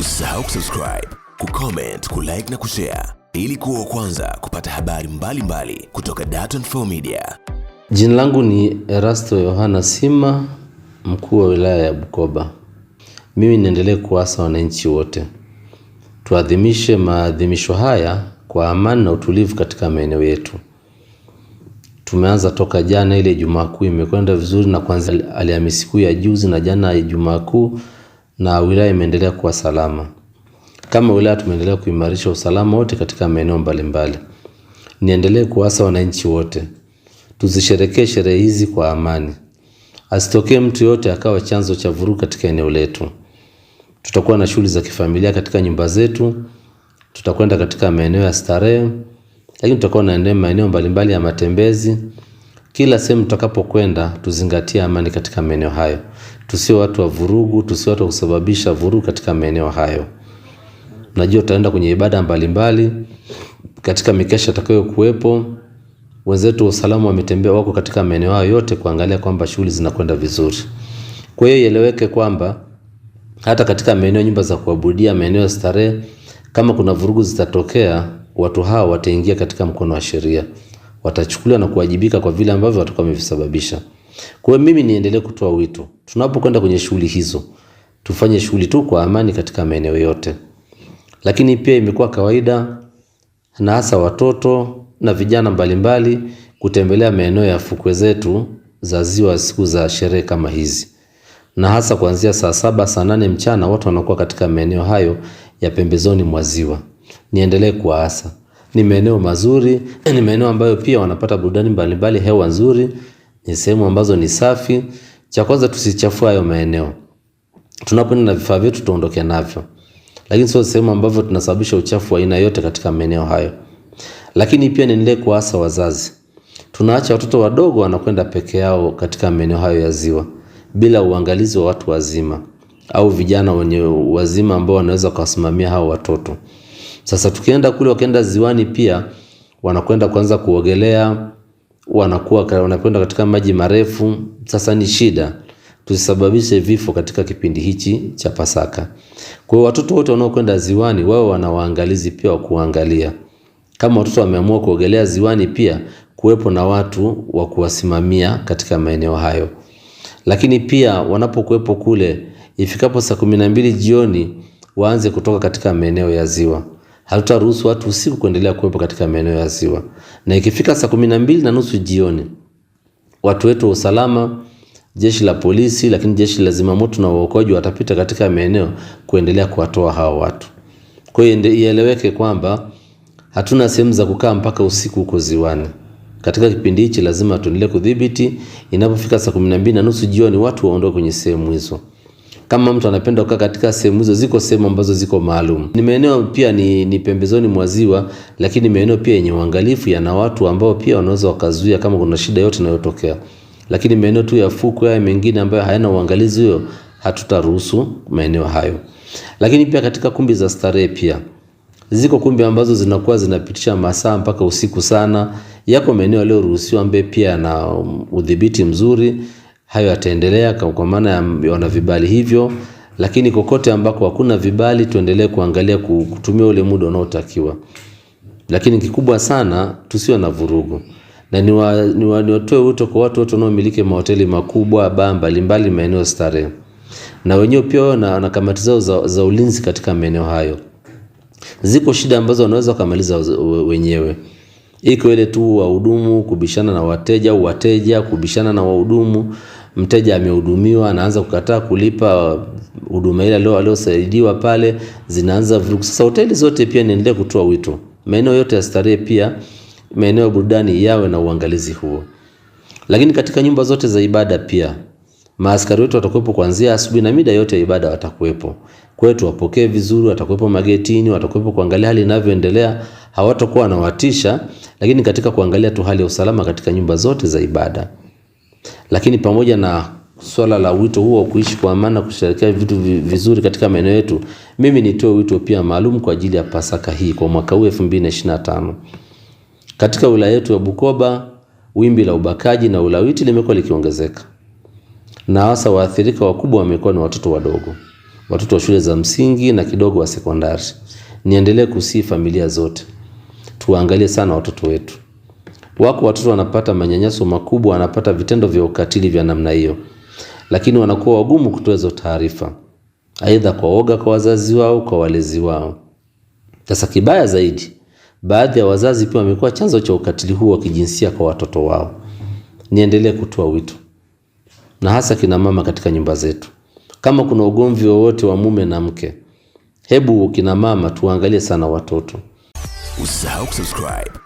Usisahau kusubscribe, kucomment, kulike na kushare ili kuwa kwanza kupata habari mbalimbali mbali kutoka Dar24 Media. Jina langu ni Erasto Yohana Sima, mkuu wa wilaya ya Bukoba. Mimi niendelee kuasa wananchi wote tuadhimishe maadhimisho haya kwa amani na utulivu katika maeneo yetu. Tumeanza toka jana, ile Ijumaa Kuu imekwenda vizuri, na kwanza Alhamisi Kuu ya juzi na jana Ijumaa Kuu na wilaya imeendelea kuwa salama. Kama wilaya tumeendelea kuimarisha usalama wote katika maeneo mbalimbali. Niendelee kuasa wananchi wote tuzisherekee sherehe hizi kwa amani, asitokee mtu yote akawa chanzo cha vurugu katika eneo letu. Tutakuwa na shughuli za kifamilia katika nyumba zetu, tutakwenda katika maeneo ya starehe, lakini tutakuwa na maeneo mbalimbali ya matembezi. Kila sehemu tutakapokwenda, tuzingatie amani katika maeneo hayo. Tusiwe watu wa vurugu, tusiwe watu wa kusababisha vurugu katika maeneo hayo. Najua utaenda kwenye ibada mbalimbali mbali, katika mikesha itakayokuwepo wenzetu wa usalama wametembea, wako katika maeneo hayo yote kuangalia kwamba shughuli zinakwenda vizuri. Kwa hiyo ieleweke kwamba hata katika maeneo nyumba za kuabudia, maeneo ya starehe, kama kuna vurugu zitatokea, watu hao wataingia katika mkono wa sheria, watachukuliwa na kuwajibika kwa vile ambavyo watakuwa wamevisababisha. Kwa hiyo mimi niendelee kutoa wito, tunapokwenda kwenye shughuli hizo tufanye shughuli tu kwa amani katika maeneo yote, lakini pia imekuwa kawaida na hasa watoto na vijana mbalimbali mbali, kutembelea maeneo ya fukwe zetu za ziwa siku za sherehe kama hizi, na hasa kuanzia saa saba saa nane mchana watu wanakuwa katika maeneo hayo ya pembezoni mwa ziwa. Niendelee kuwaasa, ni maeneo mazuri, ni maeneo ambayo pia wanapata burudani mbalimbali, hewa nzuri ni sehemu ambazo ni safi. Cha kwanza tusichafue hayo maeneo, tunapoenda na vifaa vyetu tuondoke navyo, lakini sio sehemu ambavyo tunasababisha uchafu wa aina yote katika maeneo hayo. Lakini pia niendelee kuasa wazazi, tunaacha watoto wadogo wanakwenda peke yao katika maeneo hayo ya ziwa bila uangalizi wa watu wazima au vijana wenye wazima ambao wanaweza kuwasimamia hao watoto. Sasa tukienda kule, wakienda ziwani, pia wanakwenda kuanza kuogelea wanakuwa wanakwenda katika maji marefu. Sasa ni shida, tusisababishe vifo katika kipindi hichi cha Pasaka. Kwa hiyo watoto wote wanaokwenda ziwani wao wana waangalizi pia wa kuangalia. Kama watoto wameamua kuogelea ziwani, pia kuwepo na watu wa kuwasimamia katika maeneo hayo. Lakini pia wanapokuwepo kule, ifikapo saa kumi na mbili jioni waanze kutoka katika maeneo ya ziwa hatutaruhusu watu usiku kuendelea kuwepo katika maeneo ya ziwa, na ikifika saa kumi na mbili na nusu jioni, watu wetu wa usalama, jeshi la polisi, lakini jeshi la zimamoto na waokoaji watapita katika maeneo kuendelea kuwatoa hao watu. Kwa hiyo ieleweke kwamba hatuna sehemu za kukaa mpaka usiku huko ziwani. Katika kipindi hichi lazima tuendelee kudhibiti. Inapofika saa kumi na mbili na nusu jioni, watu waondoke kwenye sehemu hizo kama mtu anapenda kukaa katika sehemu hizo, ziko sehemu ambazo ziko maalum. Ni maeneo pia ni, ni pembezoni mwa ziwa, lakini maeneo pia yenye uangalifu, yana watu ambao pia wanaweza wakazuia kama kuna shida yote inayotokea. Lakini maeneo tu ya fukwe haya mengine ambayo hayana uangalizi huo, hatutaruhusu maeneo hayo. Lakini pia katika kumbi za starehe pia ziko kumbi ambazo zinakuwa zinapitisha masaa mpaka usiku sana. Yako maeneo yaliyoruhusiwa ambaye pia yana um, udhibiti mzuri hayo yataendelea kwa maana ya wana vibali hivyo, lakini kokote ambako hakuna vibali tuendelee kuangalia kutumia ule muda unaotakiwa, lakini kikubwa sana tusiwe na vurugu na niwatoe wa, niwa wito kwa watu wote wanaomiliki mahoteli makubwa baa mbalimbali maeneo starehe, na wenyewe pia wao na, na kamati zao za, za ulinzi katika maeneo hayo. Ziko shida ambazo wanaweza kumaliza wenyewe, iko ile tu wahudumu kubishana na wateja au wateja kubishana na wahudumu mteja amehudumiwa, anaanza kukataa kulipa huduma ile aliyosaidiwa pale, zinaanza vurugu. Sasa hoteli zote pia niendelee kutoa wito, maeneo yote ya starehe pia maeneo ya burudani yawe na uangalizi huo, lakini katika nyumba zote za ibada pia maaskari wetu watakuwepo kuanzia asubuhi na mida yote ya ibada watakuwepo. kwetu, wapokee vizuri, watakuwepo magetini, watakuwepo kuangalia hali inavyoendelea, hawatakuwa wanawatisha, lakini katika kuangalia tu hali ya usalama katika nyumba zote za ibada. Lakini pamoja na swala la wito huo wa kuishi kwa amani na vitu vizuri katika maeneo yetu, mimi nitoe wito pia maalum kwa ajili ya Pasaka hii kwa mwaka huu 2025. Katika wilaya yetu ya Bukoba, wimbi la ubakaji na ulawiti limekuwa likiongezeka, na hasa waathirika wakubwa wamekuwa ni watoto wadogo, watoto wa shule za msingi na kidogo wa sekondari. Niendelee kusihi familia zote tuwaangalie sana watoto wetu. Wako watoto wanapata manyanyaso makubwa, wanapata vitendo vya ukatili vya namna hiyo, lakini wanakuwa wagumu kutoa hizo taarifa, aidha kwa woga kwa wazazi wao, kwa walezi wao. Sasa kibaya zaidi, baadhi ya wazazi pia wamekuwa chanzo cha ukatili huu wa kijinsia kwa watoto wao. Niendelee kutoa wito, na hasa kina mama katika nyumba zetu, kama kuna ugomvi wowote wa mume na mke, hebu kina mama tuangalie sana watoto. Usisahau kusubscribe